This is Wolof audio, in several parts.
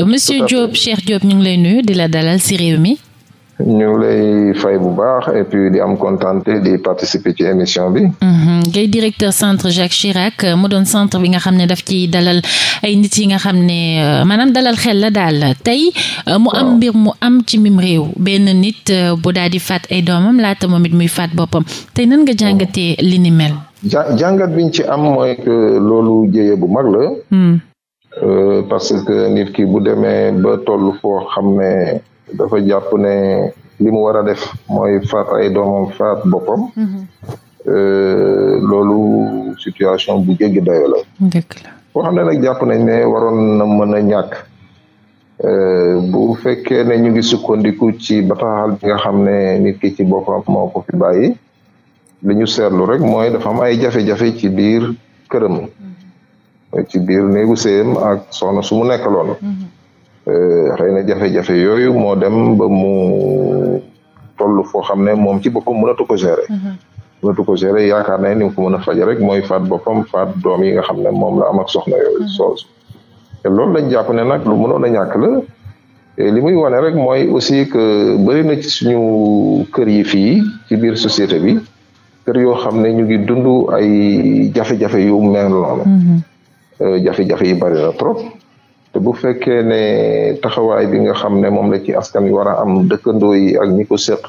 Euh, monsieur Diop Cheikh Diop ñu ngi lay nuyu di la dalal ci réew mi. ñu lay fay bu baax et di am contenté di participer ci émission bi. Mm-hmm. ngay directeur centre Jacques Chirac euh, mu doon centre bi nga xam ne daf ci dalal ay nit yi nga xam ne euh, maanaam dalal xel la daal tey. mu am mbir mu am ci mim réew. benn nit bu daal di faat ay doomam laata moom it muy faat boppam tey nan nga jàngatee li ni mel. jàngat biñ ci am mooy que loolu jéye bu mag la. Mm. Euh, parce que nit ki bu demee ba toll foo xam ne dafa jàpp ne li mu war a def mooy faat ay doomam faat boppam mhm. euh, loolu situation bu jéggi dayo la boo xam ne nag jàpp nañ ne waroon na mën a ñàkk euh, bu fekkee ne ñu ngi sukkandiku ci bataaxal bi nga xam ne nit ki ci boppam moo fi bàyyi li ñu seetlu rek mooy dafa am ay jafe-jafe ci biir këram mhm. ci biir néegu séyam ak soxna su mu nekkaloon xëy mm-hmm. eh, na jafe-jafe yooyu moo dem ba mu toll foo xam ne moom ci boppam mënatu ko gérer mm-hmm. mënatu ko gérer yaakaar na ni mu ko mën a faje rek mooy faat boppam faat doom yi nga xam ne moom la am ak soxna yooyu mm-hmm. soos te loolu lañ jàpp ne nag lu mënoon na ñàkk la li muy wane rek mooy aussi que bëri na ci suñu kër yi fii ci biir société bi kër yoo xam ne ñu ngi dundu ay jafe-jafe yu mel noonu Euh, jafe-jafe yi bari na trop te bu fekkee ne taxawaay bi nga xam ne moom la ci askan wi war a am dëkkandoo yi ak ñi ko séq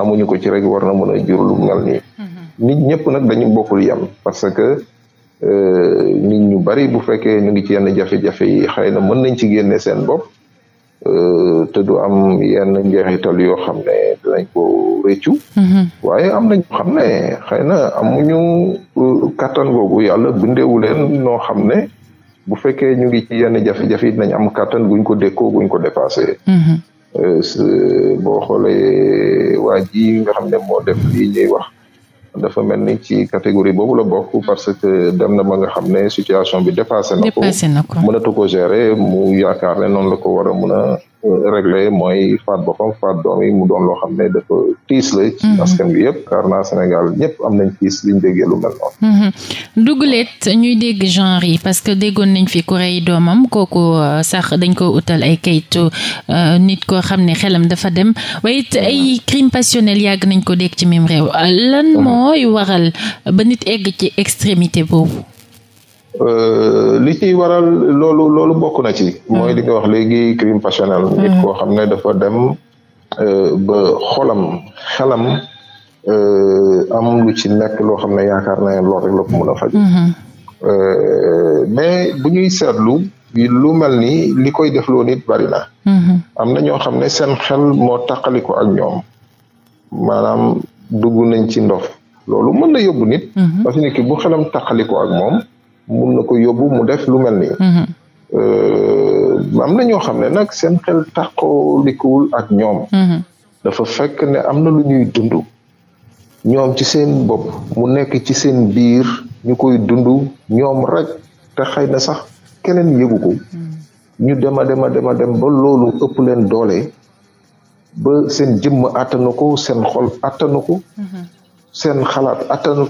amuñu ko ci rek war na mën a jur lu mel nii mm-hmm. nit ñëpp nag dañu bokkul yam parce que euh, nit ñu bari bu fekkee ñu ngi ci yenn jafe-jafe yi xëy na mën nañ ci génne seen bopp Euh, te du am yenn njeexital yoo xam ne dinañ ko réccu mhm. waaye am na ñoo xam ne xëy na amuñu euh, kattan googu yàlla bindeewu leen noo xam ne bu fekkee ñu ngi ci yenn jafe-jafe yi dinañ am kattan guñ ko deko gu ko dépassé mhm. euh, boo xoolee waa ji nga xam ne moo def lii dafa mel ni ci catégorie boobu la bokk parce que dem na ba nga xam ne situation bi dépassé na ko mënatu ko gérer mu yaakaar ne noonu la ko war a mën a réglé mooy faat boppam faat doom yi mu doon loo xam ne dafa tiis la ci mhm. askan bi yëpp car naa Sénégal ñëpp am nañ tiis liñ déggee lu mel noonu mhm. duguleet ñuy dégg genre yi parce que déggoon nañ fi ku rey doomam kooku euh, sax dañ ko utal ay kayitu euh, nit koo xam ne xelam dafa dem waaye it ay mhm. crime passionnel yàgg nañ ko dégg ci même réew lan mooy waral ba nit egg ci extrémité boobu Euh, li ci waral loolu loolu bokk na ci. mooy li nga wax léegi crime passionnel. Mm-hmm. nit koo xam ne dafa dem euh, ba xolam xelam euh, am lu ci nekk loo xam ne yaakaar na loolu rek la ko mën faj. Mm-hmm. mais bu ñuy lu mel ni li koy defloo nit bari na. Mm-hmm. am na ñoo xam ne seen xel moo taqali ko ak ñoom maanaam dugg nañ ci ndof loolu mën na yóbbu nit. parce que bu xelam taqali ko ak moom. mun na ko yóbbu mu def lu mel nii. Mhm. Euh, am na ñoo xam ne nag seen xel tàqalikuwul ak ñoom. Mhm. dafa fekk ne am na lu ñuy dundu ñoom ci seen bopp mu nekk ci seen biir ñu koy dundu ñoom rek te xëy na sax keneen yëgu mhm. ñu dem a dem a dem a dem ba loolu ëpp leen doole. ba seen jëmm attanu ko seen xol attanu ko. seen xalaat attanu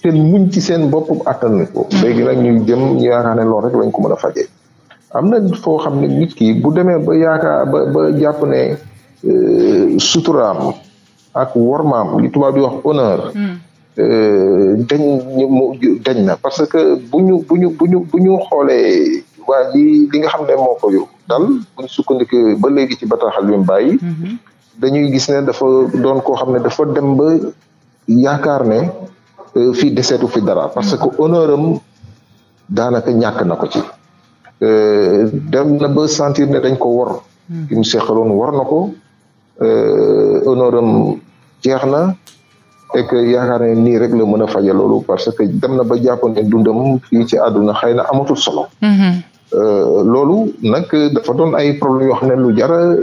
te muñ ci seen bopp attan nañ ko. léegi nag ñuy dem ñu yaakaar ne loolu rek lañ ko mën a fajee. am na foo xam ne nit ki bu demee ba yaakaar ba ba jàpp ne euh, suturaam ak wormaam li tubaab di wax honneur. Hmm. Euh, dañ na parce que bu ñu bu ñu bu ñu bu ñu xoolee waa li li nga xam ne moo ko dal bu ñu sukkandiku ba léegi ci bataaxal bi mu hmm. dañuy gis dafa doon koo xam ne dafa dem ba yaakaar ne. Euh, fii deseetu fi dara parce que honneur am daanaka ñàkk na ko ci euh, dem na ba sentir ne dañ ko wor hmm. ki mu seqaloon war na ko euh, honneur am jeex na et que ne nii rek la mën a faje loolu parce que dem na ba jàpp ne dundam fii ci àdduna xëy na amatul solo hmm. loolu nag dafa doon ay problème yoo xam ne lu jara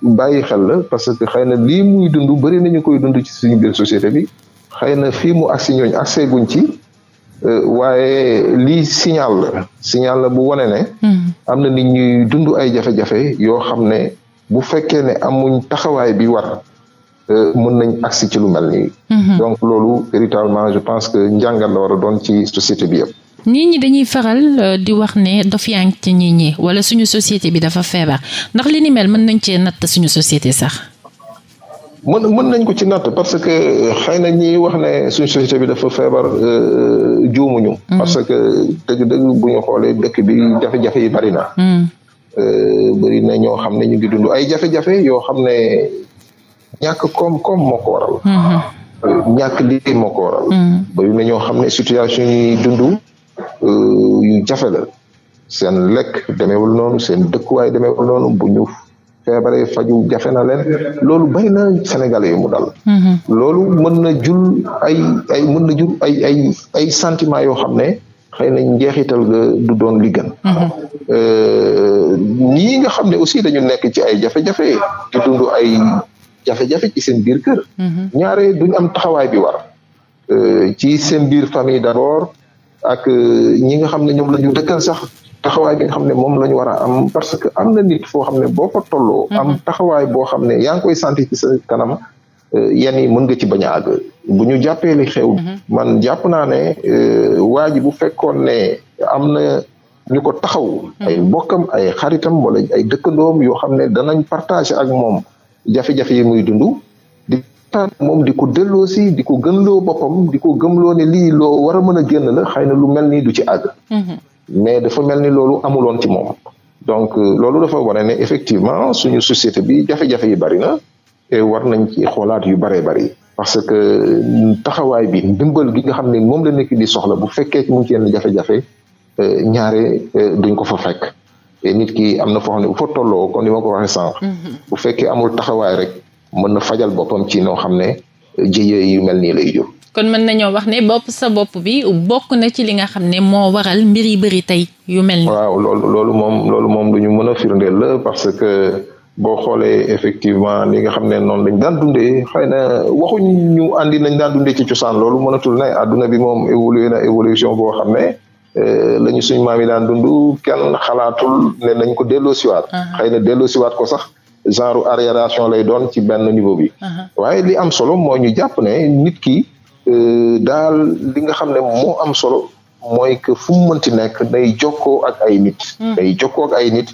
bàyyi xel la parce que xëy na lii muy dund bëri nañu koy dund ci suñu biir société bi xëy na fii mu agsi ñooñ agsee guñ ci euh, waaye lii signal la signal la bu wane ne hmm. am na nit ñuy dund ay jafe-jafe yoo xam ne bu fekkee ne amuñ taxawaay bi war euh, mën nañ agsi ci lu mel nii hmm. donc loolu véritablement je pense que njàngat la war a doon ci société bi yëpp nii ñi dañuy faral euh, di wax ne dof yaa ci nit ñi wala suñu société bi dafa feebar ndax li ni mel mën nañ cee natt suñu société sax mën mën nañ ko ci natt parce que xëy na ñi wax ne suñ société bi dafa feebar euh, euh, juumuñu mm. parce que dëgg-dëgg buñu ñu xoolee dëkk bi jafe-jafe yi bari na mm. euh, bëri na ñoo xam ne ñu ngi dund ay jafe-jafe yoo xam ne ñàkk koom-koom moo ko mm-hmm. ñàkk liggéey moo ko waral mm. ñoo xam ne situation yi dund yu jafe la seen lekk demeewul noonu seen dëkkuwaay demeewul noonu feebare faju jafe na leen loolu bari na sénégalais yu mu dal mhm. loolu mën na jul ay ay mën na ay ay ay sentiment yoo xam ne xëy na njeexital du doon li gën mhm. euh, ñii nga xam ne aussi dañu nekk ci ay jafe-jafe di dund ay jafe-jafe ci seen biir kër mhm. ñaare duñ am taxawaay bi war euh, ci seen biir famille d'abord ak euh, ñi nga xam ne ñoom la ñu dëkkal sax taxawaay bi nga xam ne moom la ñu war a am parce que am na nit foo xam ne boo ko tolloo. Mhm. am taxawaay boo xam ne yaa ngi koy sentir ci sa kanam. Euh, yan yi mën nga ci bañ a àgg bu ñu jàppee li xew. Mhm. man jàpp naa ne euh, waa ji bu fekkoon ne am na ñu ko taxaw. Mhm. ay bokkam ay xaritam wala ay dëkkandoom yoo xam ne danañ partager ak moom jafe-jafe yi muy dund. di moom di ko delloo si di ko gënloo boppam di ko gëmloo ne lii loo war a mën a génn la xëy na lu mel nii du ci àgg. mais dafa mel ni loolu amuloon ci moom donc euh, loolu dafa wane ne effectivement suñu société bi jafe-jafe yi bari na war nañ xoolaat yu baree bari parce que euh, taxawaay bi ndimbal gi nga xam ne moom la nekk di soxla bu fekkee mu ngi ci yenn jafe-jafe euh, ñaare duñ ko fa fekk nit ki am na foo xam ne bu fa tolloo comme ni ma ko waxee sànq. Mm-hmm. bu fekkee amul taxawaay rek mën na fajal boppam ci noo xam ne. jëye yu mel nii lay jur. kon mën nañoo wax ne bopp sa bopp bi bokk na ci li nga xam ne moo waral mbir yi bëri tey yu mel nii. waaw loolu loolu moom loolu ñu mën a firndeel la parce que boo xoolee effectivement li nga xam ne noonu lañ daan dundee xëy na waxuñ ñu andi nañ daan dundee ci cosaan loolu mënatul ne àdduna bi moom évolué na évolution boo xam ne. Euh, la ñu suñ maam yi daan dund kenn xalaatul ne nañ ko delloosiwaat. Ah. xëy na delloosiwaat ko sax. genre arriération lay doon ci benn niveau bi. waaye li am solo mooy ñu jàpp ne nit ki euh, daal li nga xam ne moo am solo mooy que fu mu mënti nekk day jokkoo ak ay nit. Hmm. day jokkoo ak ay nit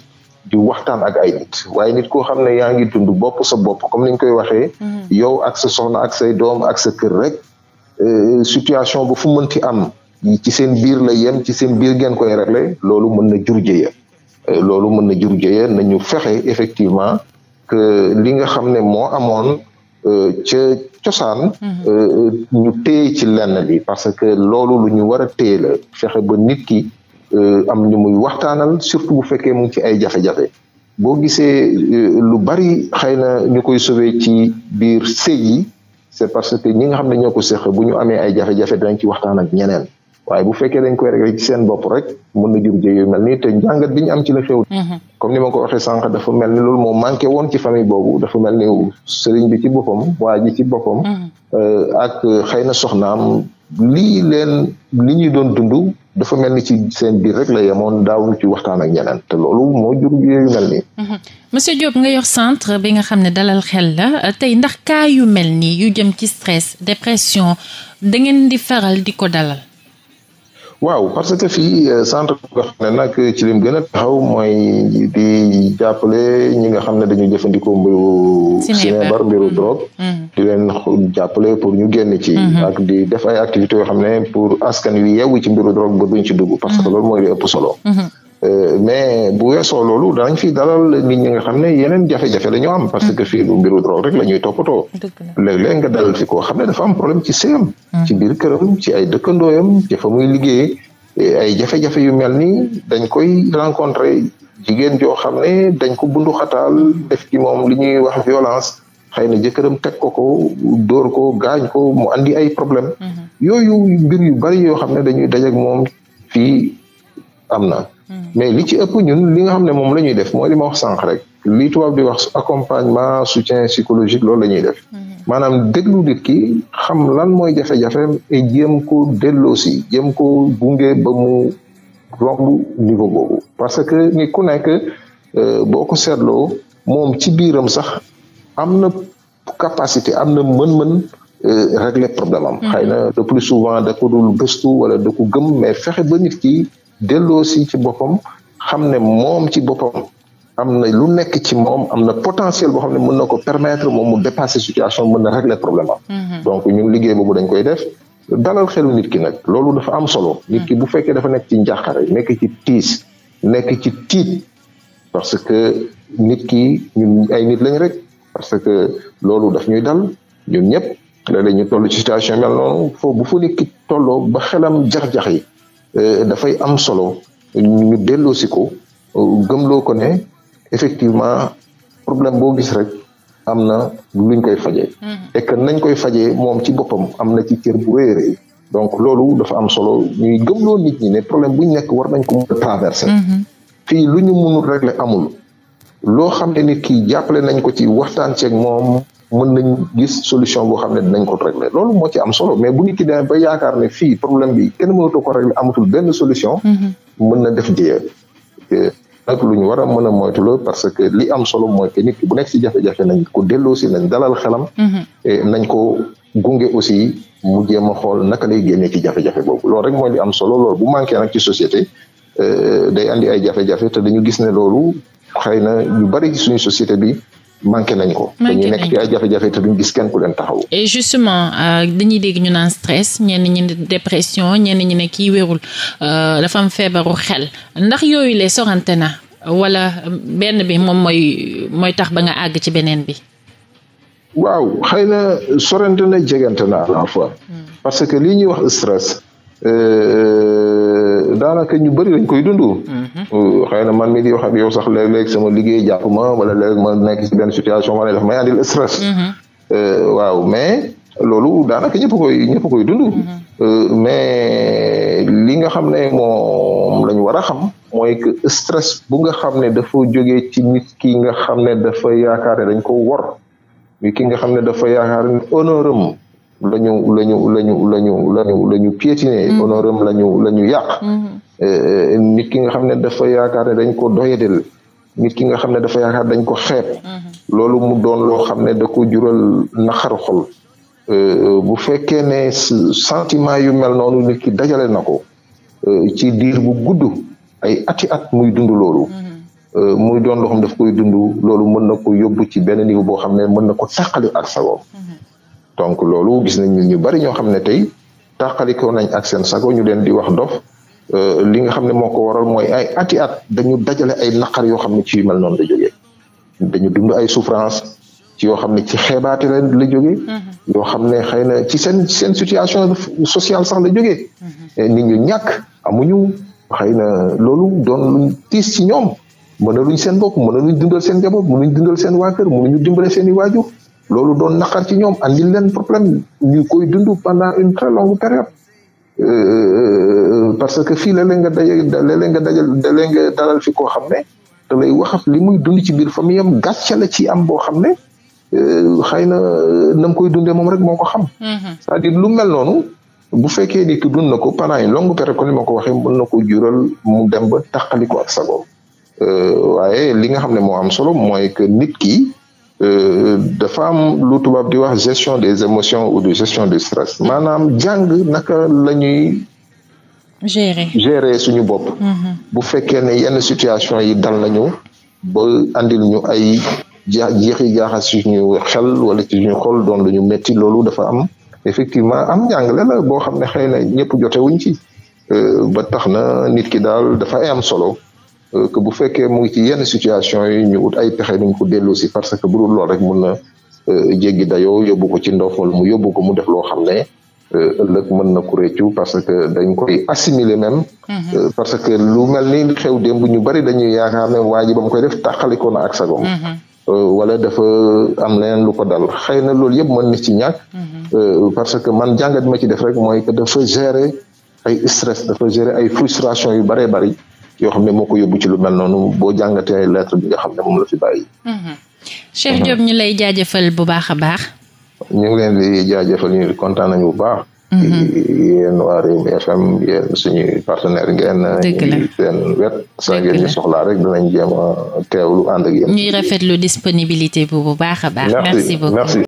di waxtaan ak ay nit waaye nit koo xam ne yaa ngi tund bopp sa bopp comme ni ñu koy waxee. Hmm. yow ak sa soxna ak say doom ak sa kër rek euh, situation bu fu mënti am. ci seen biir la yem ci seen biir ngeen koy régler loolu mën na jur jëye euh, loolu mën na jur jëye nañu fexe effectivement que li nga xam ne moo amoon euh, ca cosaan mhm. euh, euh, ñu téye ci lenn yi parce que loolu lu ñu war a téye la fexe ba nit ki am ñu muy waxtaanal surtout bu fekkee mu ngi ci ay jafe-jafe boo gisee lu bari xëy na ñu koy sauver ci biir sëy yi c'est parce que ñi nga xam ne ñoo ko seq bu ñu amee ay jafe-jafe dinañ ci waxtaan ak ñeneen waaye bu fekkee dañ koy régler ci seen bopp rek mën na jur jëy yu mel nii te njàngat bi ñu am ci la xew mhm. comme ni ma ko waxee sànq dafa mel ni loolu moo manqué woon ci famille boobu dafa mel ni sëriñ bi ci boppam waa ci boppam mm-hmm. euh, ak xëy na soxnaam li leen li ñuy doon dund dafa mel ni ci seen biir rek la yemoon daawul ci waxtaan ak ñeneen te loolu moo jur yooyu mel nii. Mm-hmm. monsieur nga yor centre bi nga xam ne dalal xel la tey ndax cas yu mel nii yu jëm ci stress dépression da ngeen di faral di ko dalal. waaw parce que fii euh, centre nga xam ne nag ci lim gën a taxaw mooy di jàppale ñi nga xam ne dañu jëfandikoo mbiru sinébar mbiru mm-hmm. drogue mm-hmm. di leen jàppale pour ñu génn ci mm-hmm. ak di def ay activités yoo xam ne pour askan wi yeewu ci mbiru drog ba duñ ci dugg parce que loolu mooy li ëpp solo Euh, mais bu weesoo loolu danañ fi dalal nit ñi nga xam ne yeneen jafe la ñu am parce que fii du mbiru drogue rek la ñuy toppatoo léeg a nga dalal fi koo xam ne dafa am problème ci séyam hmm. ci biir këram ci ay dëkkandooyam ci fa muy liggéeyee eh, ay jafe-jafe yu mel ni dañ koy rencontrer jigéen joo xam ne dañ ko bundu xataal def ki moom li ñuy wax violence xëy na jëkkëram teg ko ko dóor ko gaañ ko mu andi ay problème hmm. yooyu mbir yu bari yoo xam ne dañuy dajeek moom fii am na mais li ci ëpp ñun li nga xam ne moom la ñuy def mooy li ma wax sànq rek li tubaab di wax accompagnement soutien psychologique loolu la ñuy def mm-hmm. maanaam déglu nit ki xam lan mooy jafe-jafeem et jéem ko delloosi jéem ko gunge ba mu romb niveau boobu parce que ni ku nekk euh, boo ko seetloo moom ci biiram sax am na capacité am na mën-mën euh, régler problème am mm-hmm. xëy na le plus souvent da ko dul gëstu wala da ko gëm mais fexe ba nit ki delloo si ci boppam xam ne moom ci boppam am na lu nekk ci moom am na potentiel boo xam ne mën na ko permettre moom mu dépasser situation mën na régler problème am mhm. donc ñun liggéey boobu dañ koy def dalal xelu nit ki nag loolu dafa am solo mhm. nit ki bu fekkee dafa nekk ci njàqare nekk ci tiis nekk ci tiit parce que nit ki ñun ay nit lañ rek parce que loolu daf ñuy dal ñun ñëpp léeg-léeg toll ci situation mel noonu foofu bu fa nit ki tolloo ba xelam jax-jax yi Euh, dafay am solo ñu delloosi ko gëmloo ko ne effectivement problème boo gis rek am na luñ koy fajee mhm. et nañ koy fajee moom ci boppam am na ci cër bu donc loolu dafa am solo ñuy gëmloo nit ñi ne problème buñ nekk war nañ ko mën a traversé mhm. fii lu ñu mënul régler amul loo xam ne nit kii jàppale nañ ko ci waxtaan ceeg moom mën nañ gis solution boo xam ne dinañ ko régler loolu moo ci am solo mais bu nit ki ba yaakaar ne fii problème bi kenn mënatu ko régler amatul benn solution. Mhm. mën na def jéeya. nag lu ñu war a mën a moytu la parce que li am solo mooy ke nit ki bu nekk ci jafe-jafe nañ ko delloo si nañ dalal xelam. Mhm. nañ ko gunge aussi mu jéem a xool naka lay génnee ki jafe-jafe boobu loolu rek mooy li am solo loolu bu manqué nag ci société euh, day andi ay jafe-jafe te dañu gis ne loolu xëy na ñu bari ci suñu bi. manqué nañ ko. dañuy nekk ci jafe-jafe te duñ gis kenn ku leen taxaw. et justement euh, dañuy dégg ñu naan stress ñenn ñi ne dépression ñenn ñi ne kii wérul euh, dafa am feebaru xel ndax yooyu lee sorante na wala benn bi moom mooy mooy tax ba nga àgg ci beneen bi. waaw xëy na sorante na jegante na à la fois. Hmm. parce que lii ñuy wax stress. Euh, daanaka ñu bëri dañ koy dund. Mhm. Euh, xëy na man mi di wax ak yow sax léeg-léeg sama liggéey jàpp ma wala léeg ma nekk si benn situation ma ne daf may andil stress. Mhm. Euh, waaw mais loolu daanaka ñëpp koy ñëpp koy dund. Mhm. Euh, mais li nga xam ne moom la ñu war a xam. mooy que stress bu nga xam ne dafa jógee ci nit ki nga xam ne dafa yaakaar ne dañ ko wor. ki nga xam ne dafa yaakaar ne honneur la ñu la ñu la ñu la ñu la ñu la mm-hmm. la ñu la ñu mm-hmm. eh, eh, nit ki nga xam ne dafa yaakaar ne dañ ko doyadel nit ki nga xam ne dafa yaakaar dañ ko xeeb mm-hmm. loolu mu doon loo xam ne da ko jural naqaru xol eh, bu fekkee ne sentiment yu mel noonu nit ki dajale na ko ci diir bu gudd ay ati at muy dund loolu muy doon loo xam ne daf koy dund loolu mën na ko yóbbu ci benn niveau boo xam ne mën na ko tàqali ak sa donc loolu gis nañ ñu bari ñoo xam ne tey tàqalikoo nañ ak seen sago ñu leen di wax dof euh, li nga xam ne moo ko waral mooy ay ati at dañu dajale ay naqar yoo xam ne ci yu mel noonu la jógee dañu dund ay souffrance ci yoo xam ne ci xeebaate la la jógee mm-hmm. yoo xam ne xëy na ci seen seen situation sociale sax la jógee mm-hmm. nit ñu ñàkk amuñu xëy na loolu doon luñ tiis ci ñoom mënaluñ seen bopp mënaluñ dundal seen njaboot mënuñ dundal seen waa kër mënuñu dimbale seen i waajur loolu doon naqar ci ñoom andil leen problème ñu koy dundu pendant une très longue période euh, euh, euh, parce que fii la léeg nga daje léeg-léeg nga dajal léeg nga dalal fi koo xam ne da lay wax li muy dund ci biir famille am gàcce la ci am boo xam ne xëy na na mu koy dundee moom rek moo ko xam. Mm-hmm. cest lu mel noonu. bu fekkee ni ki dund na ko pendant une longue période ko ni ma ko waxee mën na ko jural mu dem ba taqali ko ak sago waaye li nga xam ne moo am solo mooy que nit ki Euh, dafa am lu tubaab di wax gestion des émotions ou de gestion du stress maanaam jàng naka la ñuy gérer gérer suñu bopp mhm. bu fekkee ne yenn situation yi dal nañu ba andil ñu ay jaa jeexi jaaxa ñu xel wala ci ñu xol doon lu ñu métti loolu dafa am effectivement am njàngale la boo xam ne xëy na ñëpp jotewuñ ci euh, ba tax na nit ki daal dafa am solo Euh, que bu fekkee mu ngi ci yenn situation yi ñu ut ay pexe nuñ ko delloosi parce que bu dul lool rek mun na euh, jéggi dayoo yóbbu ko ci ndof wala mu yóbbu ko mu def loo xam ne euh, ëllëg mën na ku réccu parce que dañ koy assimiler même mhm. parce que lu mel ni xew démb ñu bari dañuy yaakaar ne waa ji ba mu koy def tàqalikoo na ak sagom mhm. wala dafa am lu ko dal xëy na loolu yëpp mën na ci ñàkk mhm. parce que man jàngat ma ci def rek mooy que dafa gérer ay stress dafa gérer ay frustration yu baree bari yoo xam ne moo ko yóbbu ci lu mel noonu boo jàngatee lettre bi nga xam ne moom la fi bàyyi. Mhm. Cheikh Diop mhm. ñu lay jaajëfal bu baax a baax. ñu ngi leen di jaajëfal ñu kontaan nañu bu baax. Mhm. yéen waa Rewmi FM yéen suñuy partenaire ngeen. dëgg la seen wet. saa ngeen ñu soxlaa rek dinañ jéem a teewlu ànd ak yéen. ñuy rafetlu disponibilité bu bu baax a baax. merci beaucoup